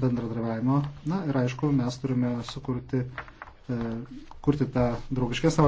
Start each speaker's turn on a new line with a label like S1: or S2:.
S1: bendradarbiavimo. Na ir aišku, mes turime sukurti, e, kurti tą draugiškesnę